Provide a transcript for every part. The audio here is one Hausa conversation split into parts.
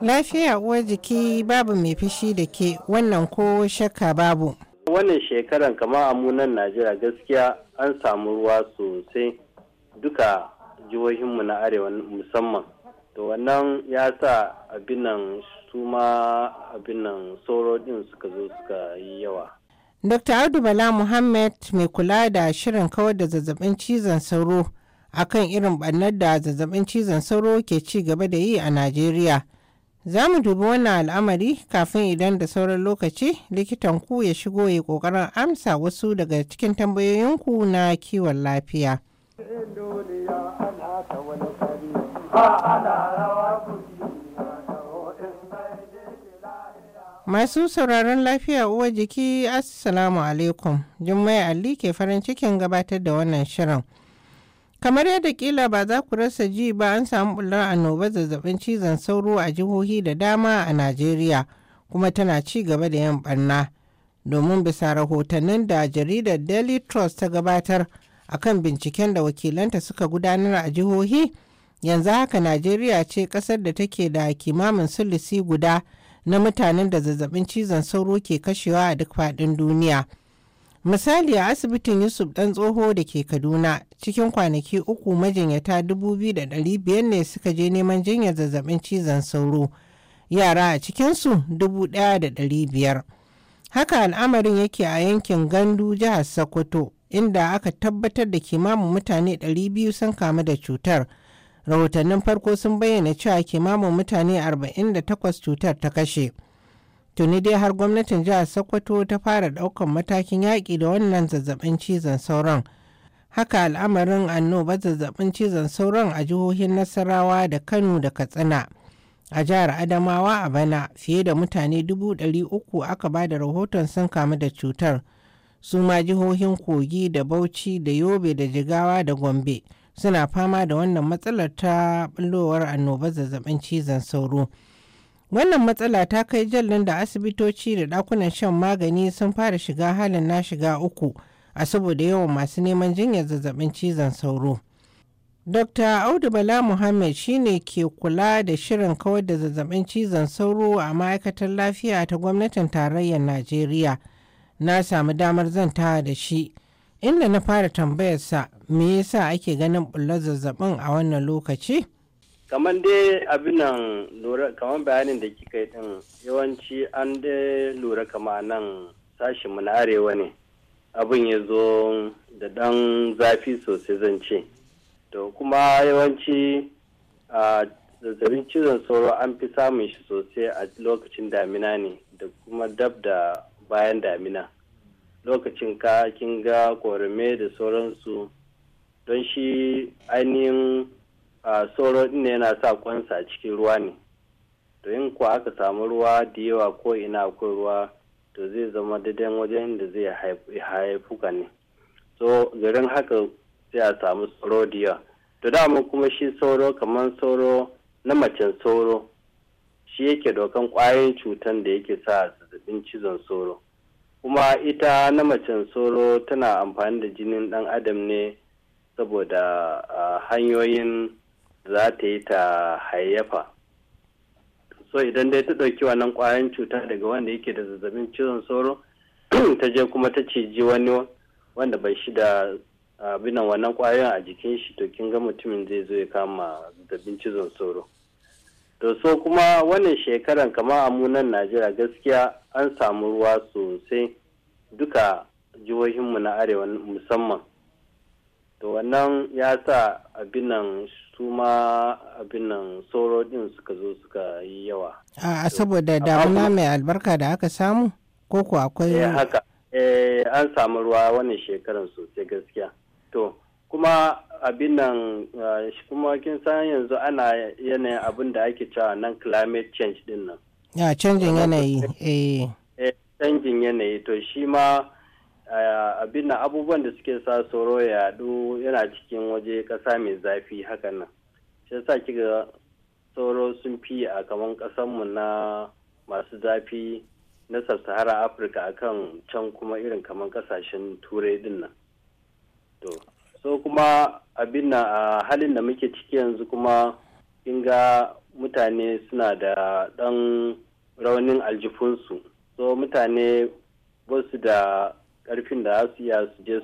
Lafiya uwar jiki babu mai fishi da ke wannan ko shakka babu. Wannan shekaran kama a munan Najeriya gaskiya an samu ruwa sosai duka jihohinmu na arewa musamman. To wannan ya sa abinan su ma abinan sauro din suka zo suka yi yawa. Dr. Audu Bala Muhammad mai kula da shirin kawar da zazzabin cizon sauro. akan irin ɓannar da zazzabin cizon sauro ke ci gaba da yi a Najeriya. Za mu dubi wannan al'amari kafin idan da sauran lokaci likitan ku ya shigo ya ƙoƙarin amsa wasu daga cikin tambayoyinku na kiwon lafiya. Masu sauraron lafiya uwa jiki Assalamu alaikum. Jummai Ali ke farin cikin gabatar da wannan shirin. kamar yadda kila ba za ku rasa ji ba an samu bullar annobar zazzabin cizon sauro a jihohi da dama a najeriya kuma tana ci gaba da yin barna domin bisa rahotannin da jaridar daily trust ta gabatar a kan binciken da wakilanta suka gudanar a jihohi yanzu haka najeriya ce kasar da take da kimamin sulisi guda na mutanen da zazzabin cizon sauro ke kashewa a duk faɗin duniya. misali a asibitin yusuf dan tsoho da ke kaduna cikin kwanaki uku majinyata 2,500 ne suka je neman jinyar zazzabin cizon sauro yara a cikinsu biyar. haka al'amarin yake a yankin gandu jihar sokoto inda aka tabbatar da kimamin mutane biyu sun kamu da cutar rahotannin farko sun bayyana cewa kimamin mutane arba'in da 48 cutar ta kashe. tuni dai har gwamnatin jihar sokoto ta fara ɗaukan matakin yaƙi da wannan zazzabin cizon sauron haka al'amarin annoba zazzabin cizon sauron a jihohin nasarawa da kano da katsina a jihar adamawa a bana fiye da mutane dubu ɗari uku aka ba da rahoton sun kamu da cutar su ma jihohin kogi da bauchi da yobe da jigawa da gombe suna fama da wannan matsalar ta annobar zazzabin cizon sauro. Wannan matsala ta kai jallin da asibitoci da ɗakunan shan magani sun fara shiga halin na shiga uku a saboda yawan masu neman jinyar zazzabin cizon sauro. Dr. Audu Bala Muhammad shine ke kula da shirin kawar da zazzabin cizon sauro a ma'aikatar lafiya ta gwamnatin tarayyar Najeriya. Na samu damar zanta da shi, inda na fara tambayarsa me yasa ake ganin bullar zazzabin a wannan lokaci? kamar dai abin nan lura kamar bayanin da kika yi din yawanci an da lura kama nan mu na arewa ne abin ya zo da dan zafi sosai zan ce to kuma yawanci a zazzabin cizon sauro an fi samun shi sosai a lokacin damina ne da kuma dab da bayan damina lokacin ka kin ga korame da sauransu don shi ainihin a sauro ne yana sa kwansa a cikin ruwa ne to in ko aka samu ruwa da yawa ko ina akwai ruwa to zai zama daidai wajen da zai haifuka ne so garin haka sai a samu sauro da yawa to dama kuma shi sauro kamar sauro na macen sauro shi yake dokan kwayoyin cutan da yake sa zazzabin cizon sauro kuma ita na macen sauro tana amfani da jinin dan adam ne saboda hanyoyin za ta yi ta hayyafa so idan dai ta ɗauki wannan ƙwayan cuta daga wanda yake da zazzabin cizon sauro ta je kuma ta ciji wani wanda bai shi da abinan wannan ƙwayan a jikin shi to kin ga mutumin zai zo ya kama zazzabin cizon sauro to so kuma wannan shekaran kamar amunan najeriya gaskiya an samu ruwa sosai duka jihohinmu na arewa musamman to wannan ya sa abinan su ma abin nan sauro din suka zo suka yi yawa a saboda damuna mai albarka da aka samu ko ko akwai eh, haka eh an samu ruwa wannan shekaran sosai gaskiya to kuma abin nan kuma kin san yanzu ana yanayin abin da ake cewa nan climate change din nan ya canjin yanayi eh. eh canjin yanayi to shi ma abin na abubuwan da suke sa sauro ya yadu yana cikin waje ƙasa mai zafi hakan nan shi yasa kiga sauro sun fi a kaman mu na masu zafi na sub-sahara afirka akan can kuma irin kaman ƙasashen turai din nan to so kuma abin na a halin da muke ciki yanzu kuma ga mutane suna da ɗan raunin aljifunsu so mutane ba su da karfin da su su je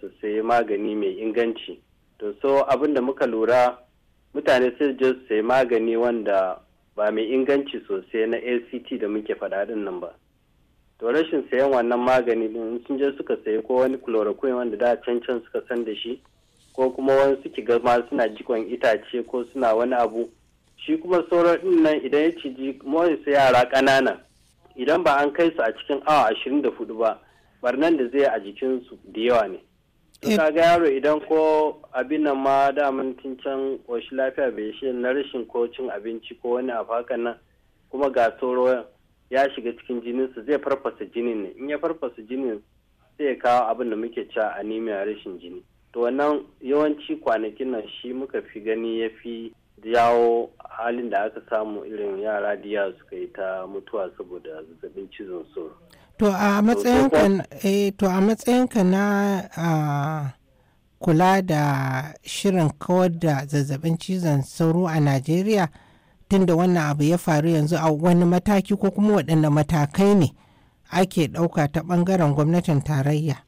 su sayi magani mai inganci to so abin da muka lura mutane sai je su sayi magani wanda ba mai inganci sosai na act da muke faɗa din nan ba to rashin sayan wannan magani din sun je suka sayi ko wani chloroquine wanda da cancan suka san da shi ko kuma wani suke gama suna jikon itace ko suna wani abu shi kuma sauran din nan idan ya ciji nisa yara ƙanana idan ba an kai su a cikin awa ashirin da hudu ba barnan da zai a jikinsu da yawa ne eh. ka ga yaro idan ko abin nan ma daman can ƙoshi lafiya bai shi na rashin ko cin abinci ko wani abu hakan nan kuma ga tsoro ya shiga cikin jininsu zai farfasa jinin ne in ya farfasa jinin sai kawo abin da muke cewa anemia rashin jini to wannan yawanci kwanakin nan shi muka fi gani ya fi jawo halin da aka samu irin yara diya suka yi ta mutuwa saboda zazzabin cizon sauro To a matsayinka eh, ka na kula da shirin kawar da zazzabin cizon sauro a Najeriya tunda wannan abu ya faru yanzu a wani mataki ko kuma waɗanda matakai ne ake ɗauka ta ɓangaren gwamnatin tarayya.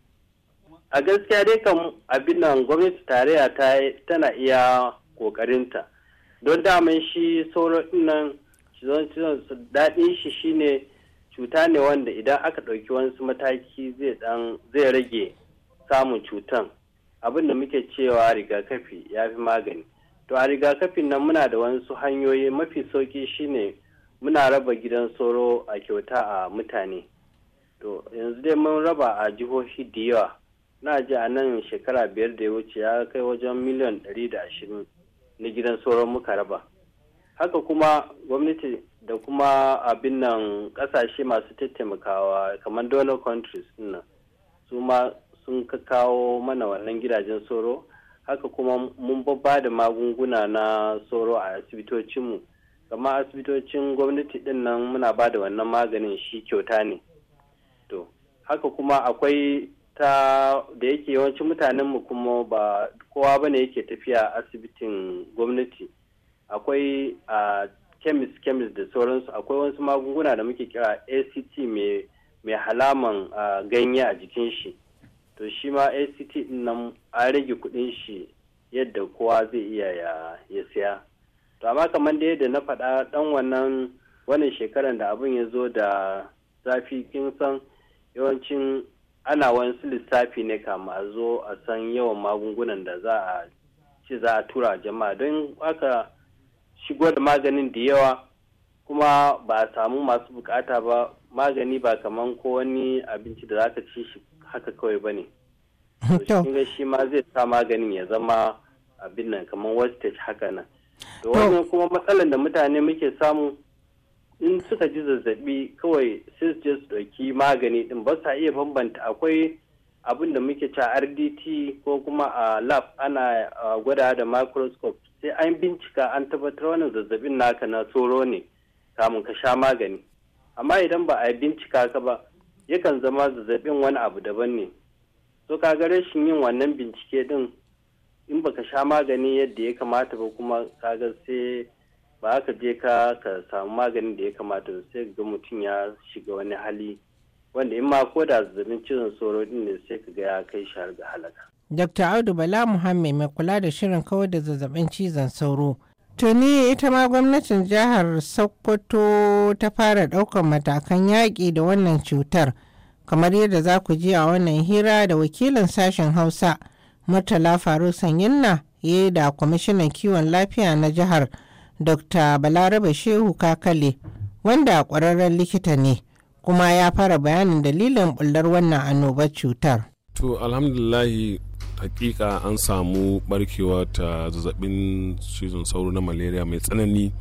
A gaskiya dai kan abin nan gwamnatin tarayya ta tana iya ƙoƙarinta don daman shi sauro nan cizon cizon daɗin shi shine cuta ne wanda idan aka ɗauki wasu mataki zai zai rage samun cutan abin da muke cewa rigakafi ya fi magani to a rigakafin nan muna da wasu hanyoyi mafi sauki shine muna raba gidan soro a kyauta a mutane to yanzu dai mun raba a jihohi da yawa na ji a nan shekara biyar da ya wuce ya kai wajen miliyan ɗari da ashirin na gidan soro muka raba haka kuma gwamnati da kuma abin nan kasashe masu tattaimakawa kamar donor countries nan su ma sun kawo mana wannan gidajen soro haka kuma mun babba da magunguna na soro a asibitocinmu kamar asibitocin gwamnati din nan muna ba da wannan maganin shi kyauta ne to haka kuma akwai ta da yake yawancin mutanenmu kuma ba kowa bane yake tafiya asibitin gwamnati akwai a ah, chemist chemist da sauransu akwai wasu magunguna da muke kira act mai mai halaman ganye a jikin shi to shi ma act din nan an rage kudin shi yadda kowa zai iya ya siya to amma kamar da yadda na faɗa ɗan wannan wannan shekaran da abin ya zo da zafi kin san yawancin ana wani lissafi ne kama a zo a san yawan magungunan da za a ce za a tura jama'a don haka shigo da maganin da yawa kuma ba a samu masu bukata ba magani ba kaman ko wani abinci da zaka ci shi haka kawai ba ne. ga shi ma zai sa maganin ya zama abin nan kamar wastage haka nan. Da wannan kuma matsalar da mutane muke samu in suka ji zazzabi kawai sai su je su ɗauki magani din ba sa iya bambanta akwai abin da muke ta rdt ko kuma a lab ana gwada da microscope sai an bincika an tabbatar wani zazzabin naka na tsoro ne kamun ka sha magani amma idan ba a yi bincika ka ba yakan zama zazzabin wani abu daban ne so ga rashin yin wannan bincike din in baka sha magani yadda ya kamata ba kuma kaga sai ba ka je ka samu maganin da ya kamata sai ga mutum ya shiga wani hali wanda in ma ko da zazzabin cizon sauro din ne sai ka ga ya kai shi har ga halaka. Dr. Audu Bala Muhammed mai kula da shirin kawar da zazzabin cizon sauro. Tuni ita ma gwamnatin jihar Sokoto ta fara ɗaukar matakan yaƙi da wannan cutar kamar yadda za ku ji a wannan hira da wakilin sashen Hausa Murtala Faru Sanyinna ya yi da kwamishinan kiwon lafiya na jihar Dr. Balarabe Shehu Kakale wanda ƙwararren likita ne. kuma ya fara bayanin dalilin bullar wannan annobar cutar. To alhamdulillahi hakika an samu barkewa ta zazzabin cizon sauro na malaria mai tsanani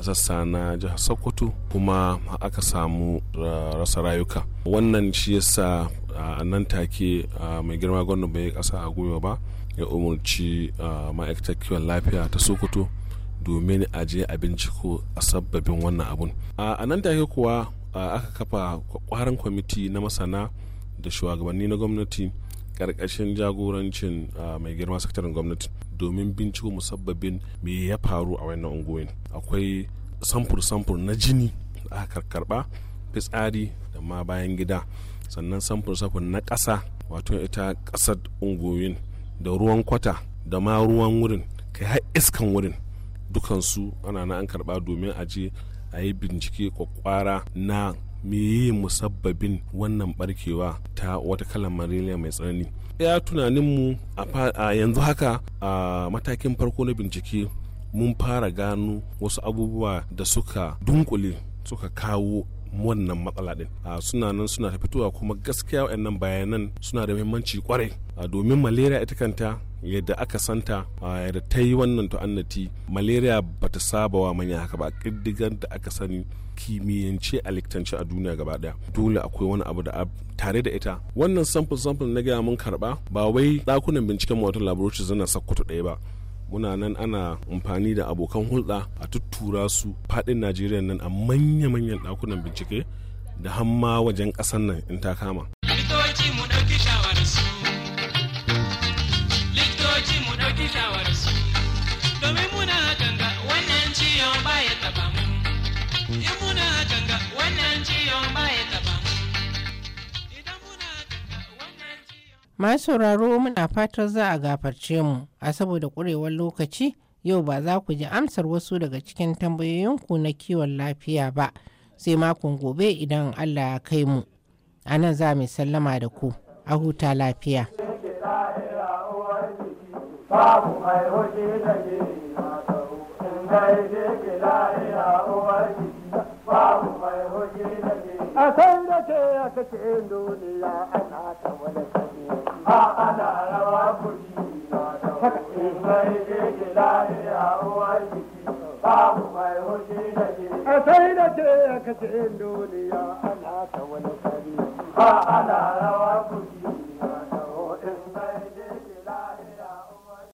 a sassa na jihar Sokoto kuma aka samu uh, rasa rayuka. Wannan shi yasa uh, a nan take uh, mai girma gwamnan bai kasa a gwiwa ba ya umarci ma'aikatar kiwon lafiya ta Sokoto domin a je a binciko a sababbin wannan abun. A nan take kuwa aka kafa kwaran kwamiti na masana da shugabanni na gwamnati karkashin jagorancin mai girma sakataren gwamnati domin binciko musabbabin me ya faru a wannan unguwin akwai samfur-samfur na jini da aka karba fitsari da ma bayan gida sannan samfur-samfur na ƙasa wato ita ƙasar unguwin da ruwan kwata da ma ruwan wurin kai har iskan wurin dukansu ana na an karba domin a je a yi bincike kwakwara na meye musabbabin wannan barkewa ta wata kalar malaria mai tsanani ya tunaninmu a yanzu haka a matakin farko na bincike mun fara gano wasu abubuwa da suka dunkule suka kawo wannan matsala din a suna nan suna ta fitowa kuma gaskiya wayannan bayanan suna da muhimmanci kwarai a domin malaria ita kanta yadda aka santa yadda ta yi wannan to ta'annati malaria ba ta saba wa manya haka ba ƙiddigar da aka sani kimiyyance a liktance a duniya gaba daya dole akwai wani abu da tare da ita wannan sample sample na gaya mun karba ba wai ɗakunan binciken mu wata zana sakkwato ɗaya ba muna nan ana amfani da abokan hulɗa a tuttura su faɗin najeriya nan a manya-manyan ɗakunan bincike da hamma wajen ƙasan nan in ta kama bi sauraro muna fatar za a gafarce mu a saboda ƙurewar lokaci yau ba za ku ji amsar wasu daga cikin tambayoyinku na kiwon lafiya ba sai makon gobe idan Allah ya kai mu. A nan za mu sallama da ku, a huta lafiya. babu mai hoshi da ke masaru in dai je ke lahira uwar jiki babu mai hoshi da ke a sai da ke a cikin duniya ana ta wani sani ba ana rawa kuɗi in dai je ke lahira uwar jiki babu mai hoshi da ke a sai da ke a cikin duniya ana ta wani sani ba ana rawa kudi.